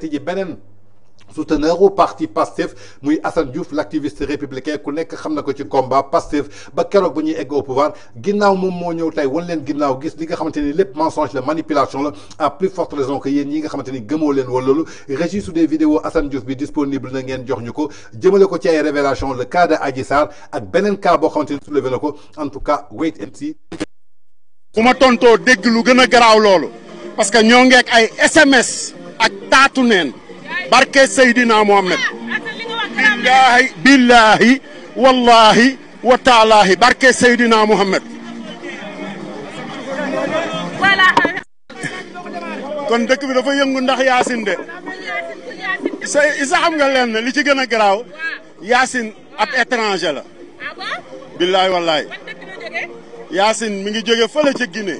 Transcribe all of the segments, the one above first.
C'est ji souteneur parti Pastef Mouy Hassan Diouf l'activiste républicain qui combat passif ba qui au pouvoir un leen gis manipulation à plus forte raison que yi nga un leen sous des vidéos Hassan Diouf disponible na ngeen jox révélation le cas de Sarr ak cas un en tout cas wait and see lu parce que nous avons ay SMS ak taatu neen barke Seydina Mohamed billaahi billaahi wallaahi wa taalaahi barke Seydina Mohamed kon dëkk bi dafa yëngu ndax yaasin de sa isa nga leen li ci gën a garaaw yaasin ab étranger la billaay wallaay yaasin mu ngi jóge fële ca Guinée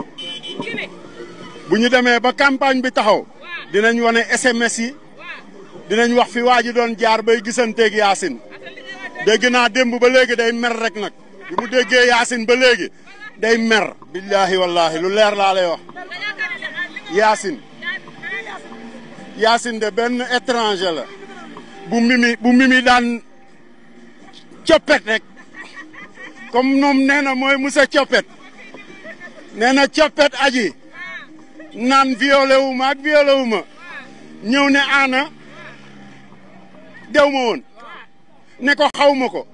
bu ñu demee ba campagne bi taxaw dinañ wane SMS yi dinañ wax fi waa ji doon jaar bay gisanteeg Yacine dégg naa démb ba léegi day mer rek nag bi mu déggee Yacine ba léegi day mer. billaahi wallaahi lu leer laa lay wax Yacine Yacine de benn étranger la bu mimi daan coppet rek comme moom nee na mooy Moussa coppet nee na coppet aji. Nan violé wu ma ak violé wu ma ñew né ana dew ma woon ne ko xaw ko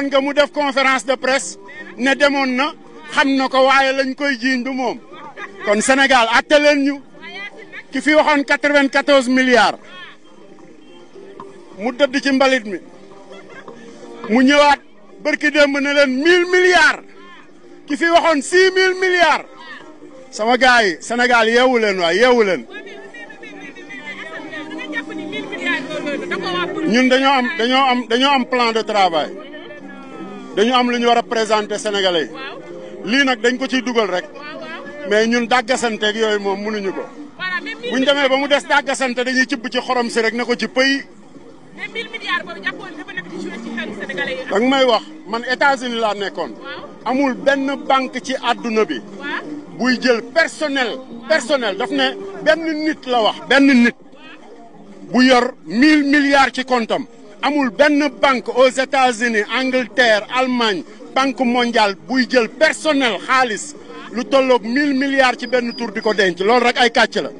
nga mu def conférence de presse né demone na xam na ko lañ koy jiñ du mom kon Sénégal atelen ñu ki fi waxon 94 milliards mu dëdd ci mbalit mi mu ñëwaat barki démb ne leen 1000 milliards ki fi waxon 6000 milliards sama gars yi Sénégal yeewu leen waay yeewu leen ñun dañoo am dañoo am dañoo am plan de travail dañu am lu ñu war a présenter Sénégalais lii nag dañ ko ciy dugal rek mais ñun dàggasanteeg yooyu moom mënuñu ko buñ demee ba mu des dàggasante dañuy cibb ci xorom si rek na ko ci pëyi danga may wax man États-Unis laa nekkoon amul benn banque ci àdduna bi buy jël personnel personnel daf ne benn nit la wax benn nit bu yor mille milliards ci kontam amul benn banque aux États-Unis Angleterre Allemagne banque buy jël personnel xaalis lu tollook mille milliards ci benn tur di ko denc loolu rek ay kàcc la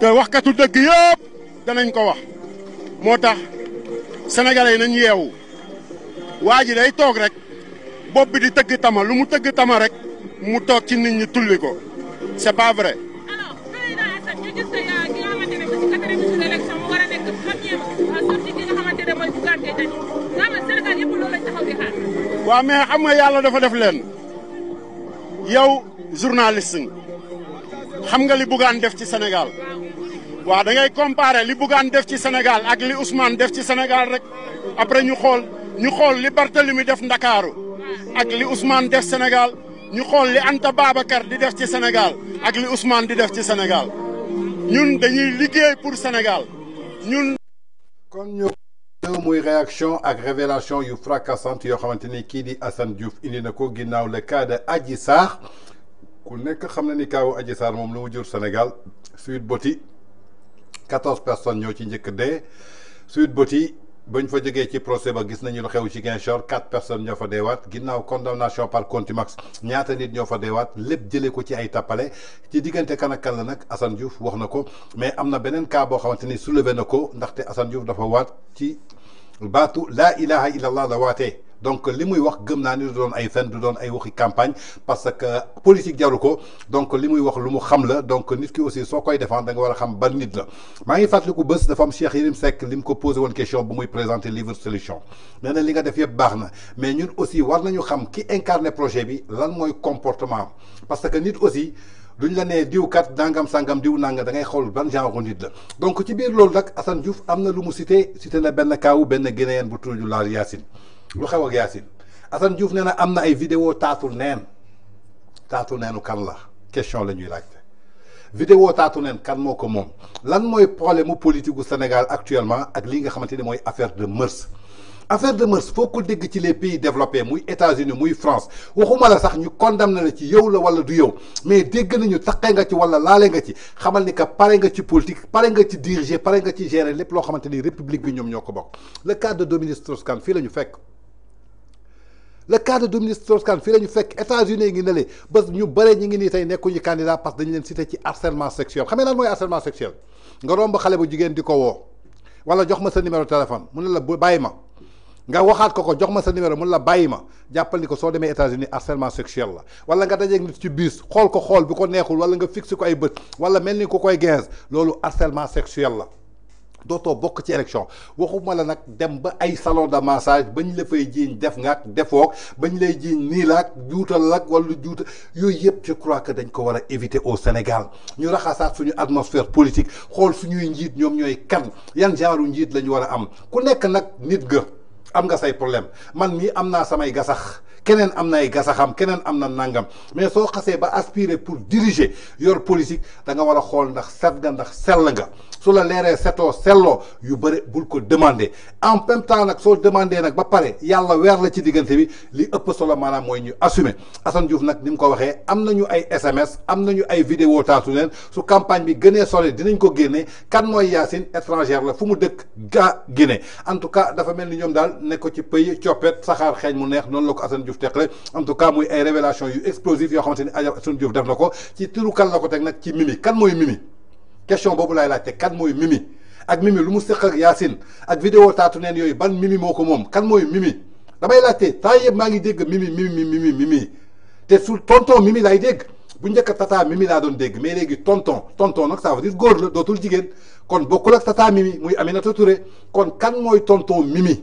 te waxkatu dëgg yëpp danañ ko wax moo tax sénégalais yi nañ yeewu waa ji day toog rek bopp bi di tëgg tama lu mu tëgg tama rek mu toog ci nit ñi tulli ko c'est pas vrai. waa président Assane euh, mu euh, mais xam yàlla dafa def leen yow journaliste nga xam nga li Bougane def ci senegal waaw dangay ngay comparer li Bougane def ci senegal ak li Ousmane def ci senegal rek après ñu xool ñu xool li Barthélemy def Ndakaaru ak li Ousmane def senegal Nous avons les Anta Babacar di def Sénégal ak li Ousmane di def Sénégal ñun dañuy liggéey pour Sénégal ñun. réaction ak révélation yu fracassante yo xamanteni ki di Diouf indi na ko le cas de Adji Sarr ku nekk xamna ni kaawu Adji Sarr lu Sénégal 14 personnes ñoo ci ñëk dé suite bañ fa jegee ci procès ba gis nañu lu xew ci Ziguinchor quatre personnes ñoo fa deewaat ginnaaw condamnation par contumace ñaata nit ñoo fa waat lépp jëlee ko ci ay tappale ci diggante kan ak kan la nag Assane Diouf wax na ko mais am na beneen cas boo xamante ni soulevé na ko ndaxte Assane Diouf dafa waat ci baatu laa ilaha illallah la waatee. donc li muy wax gëm naa ni doon ay campagne parce que politique jaru donc li wax donc nous, aussi soo défendre da nga war xam ban nit la Cheikh posé question bu muy présenter livre solution nee na li nga def yëpp mais ñun aussi war nañu xam ki incarne projet bi lan comportement parce que nit aussi duñ la né diw kat dangam sangam diw nang da ngay xol genre la donc ci biir loolu nag Assane Diouf amna lu mu cité cité na ben kaawu ben guinéen bu yassine lu xew ak vidéo la question lañuy ñuy vidéo taatu neen kan moko mom lan moy problème politique du Sénégal actuellement ak li nga xamanteni moy affaire de Meurs affaire de mœurs foo ko dégg ci les pays développés muy États-Unis muy France waxuma la sax ñu condamné la ci yow la wala du yow mais dégg nañu taqee nga ci wala laale nga ci xamal ni que pare nga ci politique pare nga ci diriger pare nga ci gérer lépp loo xamante république bi ñoom ñoo ko le cas de Dominique Strauss-Kahn fii la ñu fekk le cas de Dominique Strauss-Kahn fii la ñu fekk États-Unis ngi ne le ba ñu bare ñi ngi nii tey nekkuñu candidat parce que dañu leen cité ci harcèlement sexuel xam nga lan mooy harcèlement sexuel nga romb xale bu jigéen di ko woo wala jox ma sa numéro téléphone mu ne la bàyyi nga waxaat ko ko jox ma sa numéro mu la bàyyi ma jàppal ni ko soo demee États-Unis harcèlement sexuel la wala nga dajeeg nit ci bus xool ko xool bi ko neexul wala nga fixé ko ay bët wala mel ni ku koy gaz loolu harcèlement sexuel la dootoo bokk ci élection waxuma la nag dem ba ay salon de massage bañ la fay jiiñ def nga ak defoog bañ lay jiiñ nii laak juutal lak wala juutal yooyu yëpp ci croix que dañ ko war a éviter au Sénégal ñu raxasaat suñu atmosphère politique xool suñuy njiit ñoom ñooy kan yan genre njiit la ñu war a am ku nekk nag nit ga am nga say problème man mi amna naa samay gasax keneen am na ay gasaxam keneen am nangam mais soo xasee ba aspirer pour diriger yor politique da nga war a xool ndax set nga ndax sell nga su la leeree setoo selloo yu bëri bul ko demander en même temps nag soo demandé nag ba pare yàlla weer la ci diggante bi li ëpp solo maanaam mooy ñu assumer Assane Diouf nag ni mu ko waxee am nañu ay SMS am nañu ay vidéo taatu neen su campagne bi gënee sole dinañ ko génnee kan mooy Yacine étrangère la fu mu dëkk ga Guinée en tout cas dafa mel ni ñoom Sénégal ne ko ci pays coppet saxaar xeeñ mu neex noonu la ko Assane Diouf teqale en tout cas muy ay révélation yu explosive yoo xamante ni Assane Diouf def na ko ci turu kan la ko teg ci Mimi kan mooy Mimi question boobu laay laajte kan mooy Mimi ak Mimi lu mu ak Yacine ak vidéo taatu neen yooyu ban Mimi moo ko moom kan mooy Mimi damay laajte temps yëpp maa ngi Mimi Mimi Mimi Mimi te su tonton Mimi laay dégg bu tata Mimi la doon deg, mais léegi tonton tonton nag ça veut dire góor dootul jigéen kon bokkul tata Mimi muy Aminata Touré kon kan mooy tonton Mimi.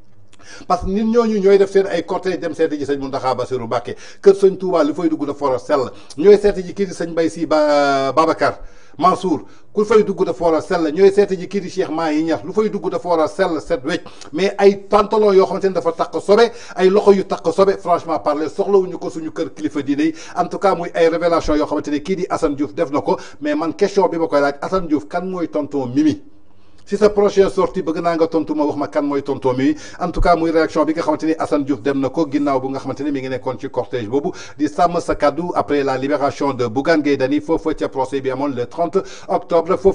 parce que nit ñooñu ñoy def seen ay cortège dem de ji sëñ Mountakha Bassirou bakay keur seigne Touba li fay dugg da foro a ñoy ñooy ji Babacar Mansour ku fay dugg de foro sel ñoy ñooy ji di Cheikh maa yi ñax lu fay dugg da foro sel set wecc mais ay pantalon yo xamante dafa takk sobe ay loxo yu takk sobe franchement parler soxlawuñu ko suñu keur kilifa diine en tout cas moy ay révélation yo xamante ki di Assane Diouf def mais man question bi ma koy laaj Assane Diouf kan tonton Mimi si sa prochaine sortie bëgg naa nga tontu ma wax ma kan mooy tontoom yi en tout cas muy réaction bi nga xamante ni Assane Diouf dem na ko ginnaaw bu nga xamante ni mi ngi nekkoon ci cortège boobu di sàmm sa kaddu après la libération de Bougane Gueye Dany foofu procès bi amoon le 30 octobre.